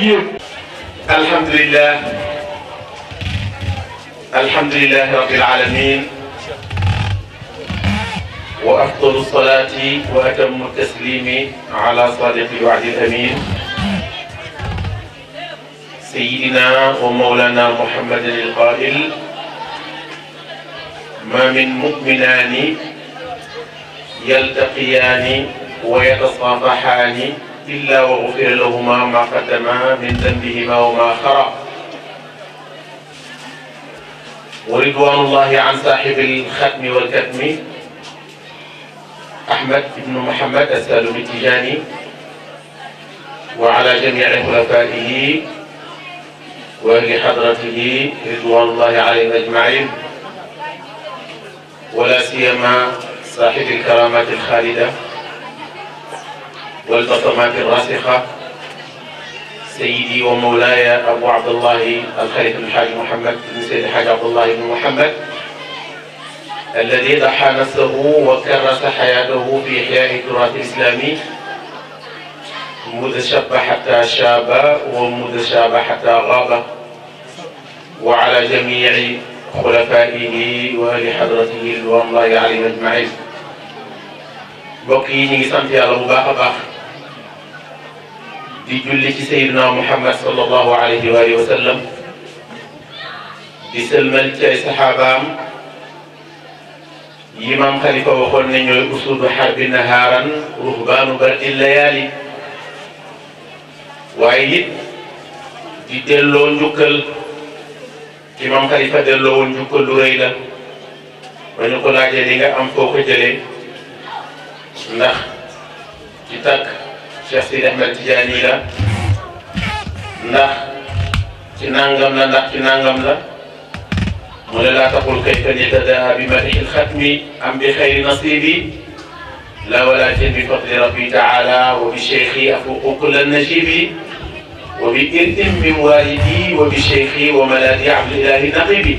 طيب الحمد لله الحمد لله رب العالمين وأفضل الصلاة وأتم التسليم على صادق الوعد الأمين سيدنا ومولانا محمد القائل ما من مؤمنان يلتقيان ويتصافحان إلا وغفر لهما ما قدما من ذنبهما وما أخرا ورضوان الله عن صاحب الختم والكتم أحمد بن محمد السالم التجاني وعلى جميع خلفائه وأهل حضرته رضوان الله عليهم أجمعين ولا سيما صاحب الكرامات الخالده والبصمات الراسخة سيدي ومولاي أبو عبد الله الخليفة الحاج محمد بن سيد الحاج عبد الله بن محمد الذي ضحى نفسه وكرس حياته في إحياء التراث الإسلامي منذ شاب حتى شاب ومنذ شاب حتى غاب وعلى جميع خلفائه وآل حضرته رضوان الله عليهم أجمعين بقي نيسان في الله sant باخ di julli ci sayyidina muhammad sallallahu alayhi wa sallam di sëlmal ci ay sahabaam yi maam xalifa waxoon ne ñooy usudu xarbi naharan ruhbanu bardi layali waaye it di delloo njukkal ci maam xalifa delloo woon njukkal lu rëy la ba ñu ko laajee li nga am foo ko jëlee ndax ci tàkk Cheikh Sidi Ahmed Tidiane la ndax ci nangam la ndax ci nangam la mu ne laa taxul kayfa nitadaha bi madihil xatmi am bi xayri nasibi لا ولكن بفضل ربي تعالى وبشيخي أفوق كل النجيب وبإرث من والدي وبشيخي وملاذ عبد الإله نقيبي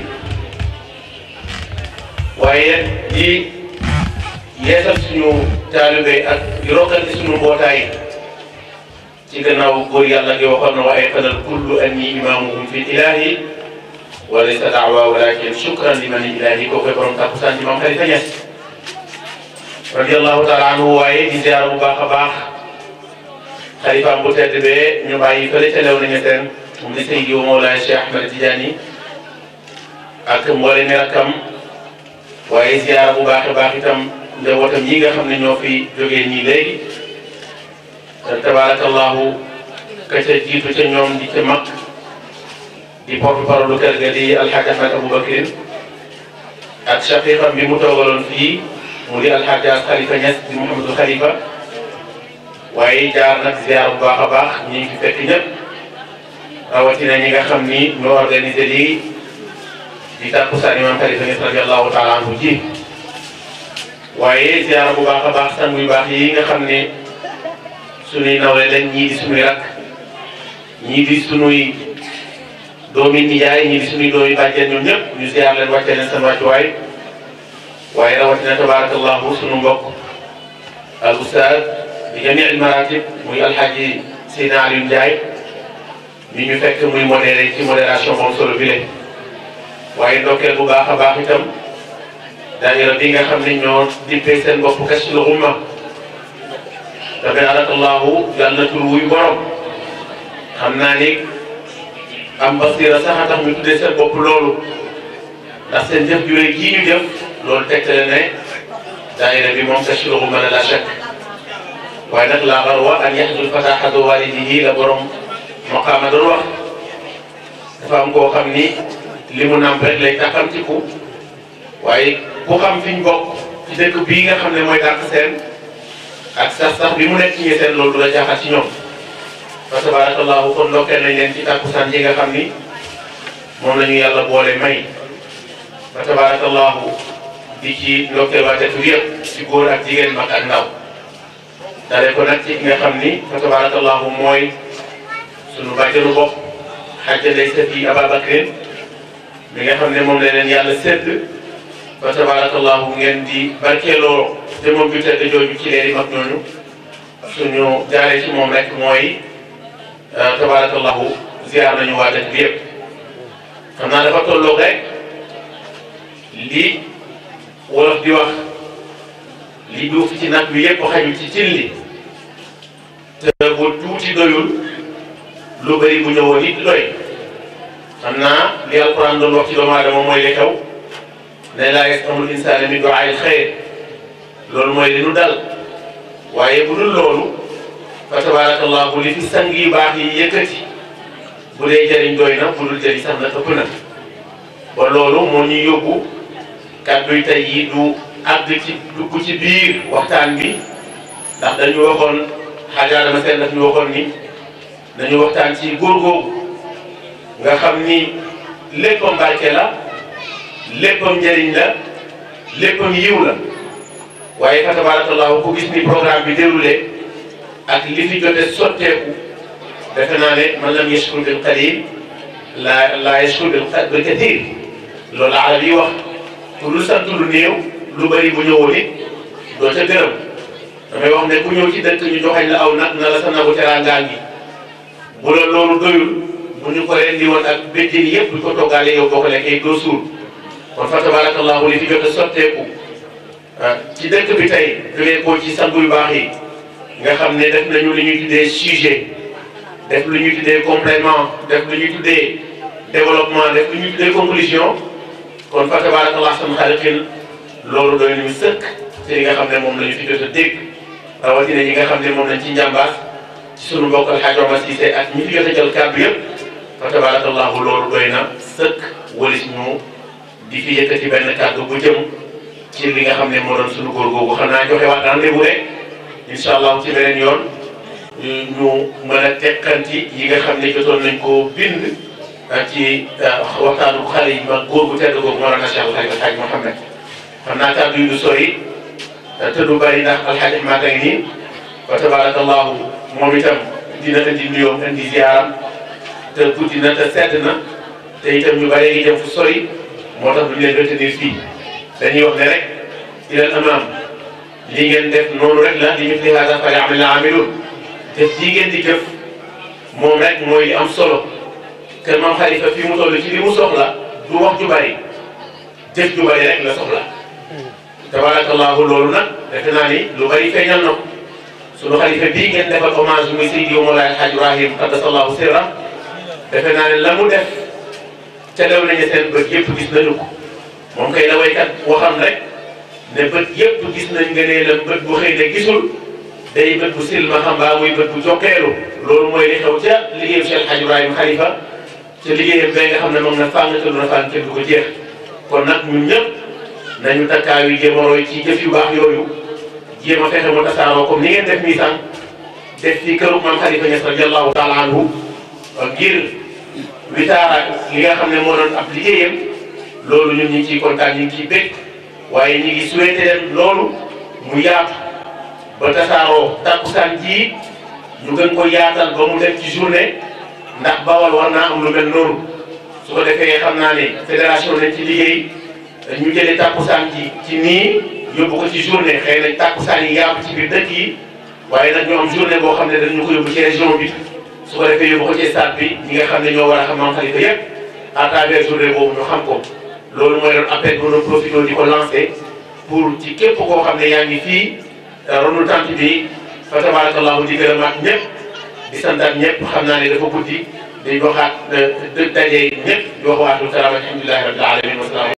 waaye di yeesal suñu taalibe ak di rokkal ci suñu mbootaay تيغناو بور يالا جي وخون نوا اي فلال كل اني امامهم في الاله وليس دعوة ولكن شكرا لمن الاله كو في بروم تاكوسان امام خليفه ياس رضي الله تعالى عنه واي دي زيارو باخا باخ خليفه ام بوتيت بي ني باي فلي تيلو ني نتن مولاي تيغي مولاي شيخ احمد الديجاني اك مولاي نراكم واي زيارو باخا باخ تام ده وتام ييغا خامني ньо في جوغي ني لغي te tabarakallahu ka ca jiitu ca ñoom di ca mag di porte parole kër ga di alxaaj Ahmed Aboubacar ak shaqiqam bi mu toogaloon fii mu di alxaaj Khalifa Niass di Mouhamadou Khalifa waaye jaar nag ziar bu baax a baax ñi ngi fi fekk ñëpp rawatina ñi nga xam ni ñoo organisé lii di tàkku sa imam Khalifa Niass radiyallahu taala anhu ji waaye ziar bu baax a baax sang yu baax yi nga xam ne. sunuy nawle lañ ñii di sunuy rakk ñii di sunuy doomi nijaay ñii di sunuy doomi bàjjen ñoom ñëpp ñu ziar leen wàcce leen seen wàccuwaay waaye rawatina tabarakallahu sunu mbokk al ustaad bi jamii al maratib muy alxaaji Seydina Aliou Ndiaye mi ñu fekk muy modéré ci modération moom solo bi leen waaye ndokkeel bu baax a baax itam daayira bi nga xam ne ñoo dippee seen bopp Kazu-l Umma tabaarakallaahu yàlla na tur wuy borom xam naa ni am basira sax a tax ñu tuddee seen bopp loolu ndax seen jëf ju rëy kii ñu loolu tegtale ne daayira bi moom tashkiluhu mën a la chèque waaye nag laa xarwa an yaxdul fataaxatu waalidihi la borom maqaama doon wax dafa am xam ni li mu nàmp rek lay taxam ci ku xam fi ñu bokk ci dëkk nga xam ne mooy dàq seen. ak sax sax bi mu nekk ci seen loolu la jaaxal ci ñoom fa tabarakallahu kon ndokkeel nañ leen ci tàkkusaan yi nga xam ni moom la yàlla boole may fa tabarakallahu di ci ndokkeel waa Tafsir ci góor ak jigéen mag ak ndaw dalee ko nag ci nga xam ni fa tabarakallahu mooy sunu bàjjanu bopp xajja lay sët yi Ababakrin mi nga xam ne moom leen yàlla sedd fa tabarakallahu ngeen di barkeeloo te moom bi tedd jooju ci leeri mag ñooñu suñu jaaree ci moom rek mooy ah, tabarakallahu ziar nañu waa dëkk bi yëpp xam naa dafa tolloog li wolof di wax li duuf ci nag bi yëpp xaju ci cin li te bu tuuti doyul lu bëri bu ñëwoon it doy xam naa li alquran doon wax ci doomu aadama mooy li ne laa yas'amul insaanu min du'aa'il xayr loolu mooy li nu dal waaye bu dul loolu fa tabaarakallaahu li fi sang baax yi yëkkati bu dee jëriñ doy na bu dul jëriñ sax na ëpp na ba loolu moo ñu yóbbu kàdduy tey yi du àgg ci dugg ci biir waxtaan bi ndax dañu waxoon xajaarama seen daf ñu waxoon ni nañu waxtaan ci góor googu nga xam ni léppam barke la léppam njëriñ la léppam yiw la waaye fa tabarakallahu ku gis ni programme bi déroulé ak li fi jote sotteeku defe naa ne man lam yashkur bil qalil la la yashkur bil kathir loolu arab yi wax pour lu sant lu néew lu bëri bu ñëwoon it doo ca gërëm damay wax ne ku ñëw ci dëkk ñu joxañ la aw nag na la sa nagu teraangaa ngi bu la loolu doyul bu ñu ko leen di woon ak béjjén yëpp di ko toggaale yow boo ko lekkee doo kon fa tabarakallahu li fi jot soteku ah, ci dekk bi tey jógee ko ci sangu yu baax yi nga xamne def nañu lu ñuy tuddee sujet def lu ñuy tuddee complément def lu ñuy tuddee développement def lu ñuy tuddee conclusion kon fa tabarakallah sama xaritin lolu doy nañu sekk ci nga xamne mom lañu la ñu fi jot a dégg rawatina yi nga xamne mom moom lañ ci njàmbaas ci sunu mbokk Alxaaji Omar Cissé ak ñi fi jot a jël kàddu yëpp fa tabarakallahu loolu doy na sëkk walis ñu li fi yëkkati benn kàddu bu jëm ci li nga xam ne moo doon suñu góor googu xam naa joxe waat rendez-vous rek incha allah ci beneen yoon ñu mën a tekkanti yi nga xam ne jotoon nañ ko bind ah, ci ah, waxtaanu xale yi mag góor gu tedd googu moo doon naa kàddu yi du sori ah, te du bari ndax Alhaji Ahmad a ngi nii wa tabarakallahu moom itam dina indi nuyoom indi ziaram te guddi na te sedd na te itam ñu bari ngi jëm fu sori. موتاخ بن لين ريتيني في داني واخ لي رك الى الامام لي نين ديف نونو رك لا دي مثل هذا فيعمل العاملون ديف لي نين دي كيف موم رك موي ام سولو كان مام خليفه في مو تولي لي مو سوخلا دو واخ جو باري ديف جو باري رك لا سوخلا تبارك الله لولو نا دفنا لي لو باري فينال نو سونو خليفه بي نين ديفال اوماج مي سيدي يوم الحاج ابراهيم قدس الله سره دفنا لي لامو ديف ca lew nañu seen bët yëpp gis nañu ko moom kay la waykat waxam rek ne bët yëpp gis nañ nga nee la bët bu xëy ne gisul day bët bu silma xam baa muy bët bu jokkeelu loolu mooy li xew ca liggéeyam Cheikh Hadj Ibrahima Khalifa ca liggéeyam bay na fàng te du na ko kon nag ñun ñëpp nañu takkaayu jéem a ci jëf yu yooyu jéem a fexe mu tasaaroo comme ni ngeen def nii sànq def ci këru maam Khalifa Niass radiyallahu taala anhu ngir witaaraan li nga xam ne moo doon ab liggéeyam loolu ñun ñu ngi ciy kontaan ñu ngi ciy bég waaye ñu ngi souhaité leen loolu mu yaatu ba tasaaroo takkusaan ji ñu gën ko yaatal ba mu def ci journée ndax bawal war naa am lu mel noonu su ko defee xam naa ne fédération nañ ci liggéey ñu jëlee takkusaan ji ci nii yóbbu ko ci journée xëy na takkusaan yi yaatu ci biir dëkk yi waaye nag ñu am journée boo xam ne dañ ñu ko yóbbu ci bi. su ko defee yóbbu ko ci stade bi ñi nga xam ne ñoo war a xam maam Khalifa yëpp à travers journée boobu ñu xam ko loolu mooy doon appel bu doon profité di ko lancé pour ci képp koo xam ne yaa ngi fii euh, ronu tant bi fa tabarakallahu di gërëmaat ñëpp di santaat ñëpp xam naa ne dafa guddi di waxaat euh, daje ñëpp di waxaat salaam alhamdulillahi rabbil alamin wa salaam